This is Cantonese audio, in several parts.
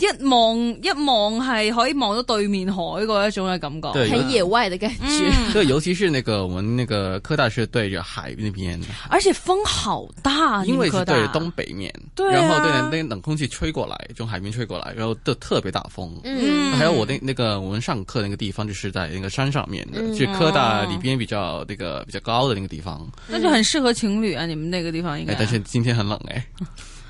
一望一望係可以望到對面海嗰一種嘅感覺，喺、就是、野外的感覺、嗯、 對，尤其是那個我們那個科大是對着海那邊，而且風好大，因為是對着東北面，對、啊、然後對那個冷空氣吹過來，從海邊吹過來，然後就特特別大風。嗯，還有我那那個我們上課那個地方，就是在那個山上面的，的、嗯、就是科大裏邊比較那個比較高的那個地方，嗯、那就很適合情侶啊！你們那個地方應該、欸，但是今天很冷哎、欸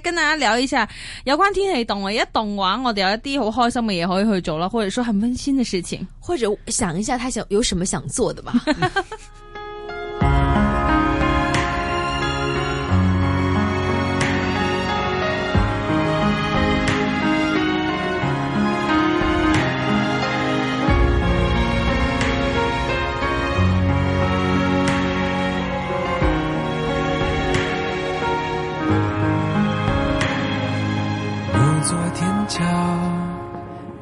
跟大家聊一下有關天氣，動啊一動嘅話，我哋有一啲好開心嘅嘢，可以去做啦，或者說很溫馨嘅事情，或者想一下，他想有什麼想做的吧。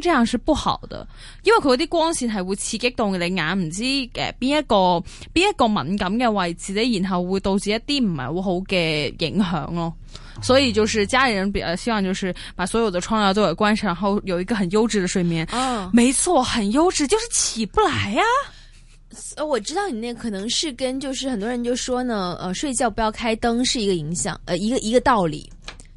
這樣是不好的，因為佢嗰啲光線係會刺激到你眼唔知，誒邊一個邊一個敏感嘅位置咧，然後會導致一啲唔係好好嘅影響咯。所以就是家裏人比較希望，就是把所有的窗簾都關係關上，然後有一個很優質的睡眠。嗯、啊，沒錯，很優質，就是起不來呀，啊。呃，我知道你那可能是跟，就是很多人就說呢，呃，睡覺不要開燈是一個影響，呃，一個一個道理。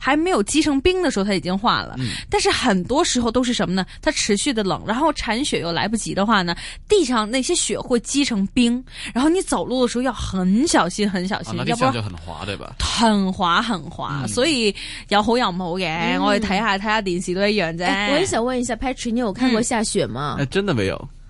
還沒有積成冰的時候，它已經化了。嗯、但是很多時候都是什麼呢？它持續的冷，然後鏟雪又來不及的話呢，地上那些雪會積成冰，然後你走路的時候要很小心，很小心，要不然就很滑，對吧？很滑，很滑，很滑、嗯。所以有好有不好的，我也看一下看一下電視都一樣。我也想問一下 Patrick，你有看過下雪嗎？嗯哎、真的沒有。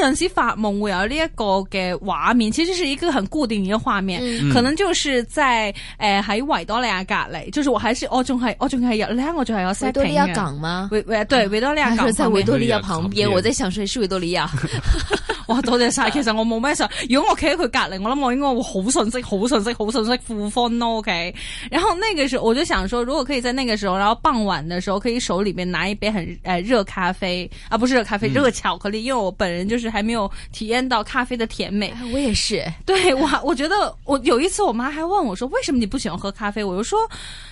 有陣時發夢會有呢一個嘅畫面，其實是一個很固定嘅畫面，嗯、可能就是在誒喺維多利亞隔籬，就是我還是我仲係我仲係入咧，我仲係維多利亞港嘛，維維對維、啊、多利亞港，係維多利亞旁邊，我在想住是維多利亞。 哇，多謝晒！其實我冇咩事，如果我企喺佢隔籬，我諗我應該會好信息、好信息、好信息，富方咯，OK。然後那個時候我就想說，如果可以在那個時候，然後傍晚的時候，可以手裡面拿一杯很誒、呃、熱咖啡，啊，不是熱咖啡，熱巧克力，嗯、因為我本人就是還沒有體驗到咖啡的甜美。哎、我也是，對，我我覺得我有一次我媽還問我說，為什麼你不喜歡喝咖啡？我就說。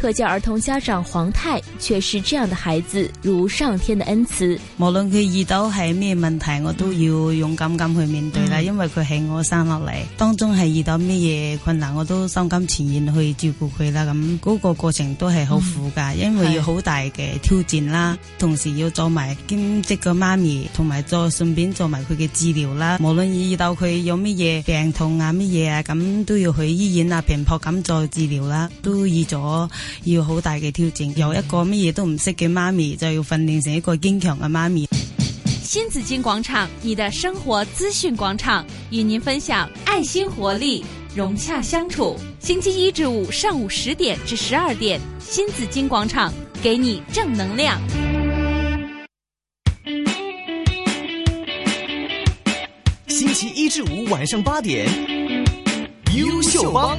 特教兒童家長黃太卻是這樣的，孩子如上天的恩賜。無論佢遇到係咩問題，我都要勇敢咁去面對啦。嗯、因為佢係我生落嚟，當中係遇到咩嘢困難，我都心甘情願去照顧佢啦。咁嗰個過程都係好苦噶，嗯、因為要好大嘅挑戰啦。是同時要做埋兼職嘅媽咪，同埋再順便做埋佢嘅治療啦。無論遇到佢有乜嘢病痛啊，乜嘢啊，咁都要去醫院啊，病撲咁再治療啦。都預咗。要好大嘅挑戰，有一個乜嘢都唔識嘅媽咪，就要訓練成一個堅強嘅媽咪。新紫荊廣場，你的生活資訊廣場，與您分享愛心、活力、融洽相處。星期一至五上午十點至十二點，新紫荊廣場給你正能量。星期一至五晚上八點，優秀幫。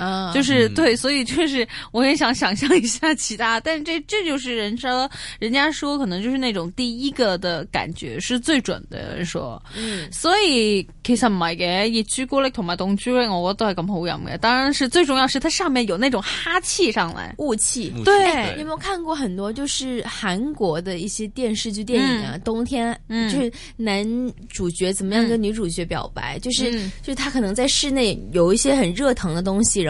Uh, 就是、嗯，就是對，所以就是我也想想象一下其他，但是這這就是人生，人家說可能就是那種第一個的感覺是最準的，人說。嗯，所以其實唔係嘅，熱朱古力同埋凍朱古力，我都係咁好飲嘅。當然是最重要是它上面有那種哈氣上來霧氣，對霧氣。對，哎、你有冇有看過很多就是韓國的一些電視劇、電影啊？嗯、冬天，嗯，就是男主角怎麼樣跟女主角表白，嗯、就是就是他可能在室內有一些很熱騰的東西，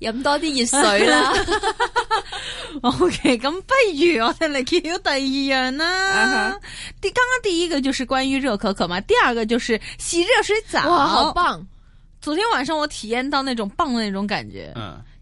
飲多啲熱水啦。 OK，咁不如我哋嚟揭曉第二樣啦、啊。啲剛剛第一個就是關於熱可可嘛，第二個就是洗熱水澡。哇，好棒！昨天晚上我體驗到那種棒的那種感覺。嗯。Uh.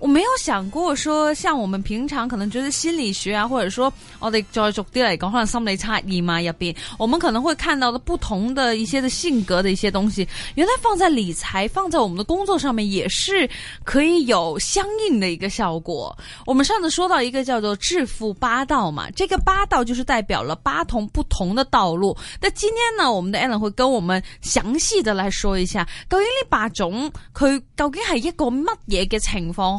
我沒有想過說，像我們平常可能覺得心理學啊，或者說我哋再俗啲嚟講，可能心理差異嘛入邊，我們可能會看到的不同的一些的性格的一些東西，原來放在理財，放在我們的工作上面，也是可以有相應的一個效果。我們上次說到一個叫做致富八道嘛，這個八道就是代表了八同不同的道路。但今天呢，我們的 Anna 會跟我們詳細的來說一下，究竟呢八種佢究竟係一個乜嘢嘅情況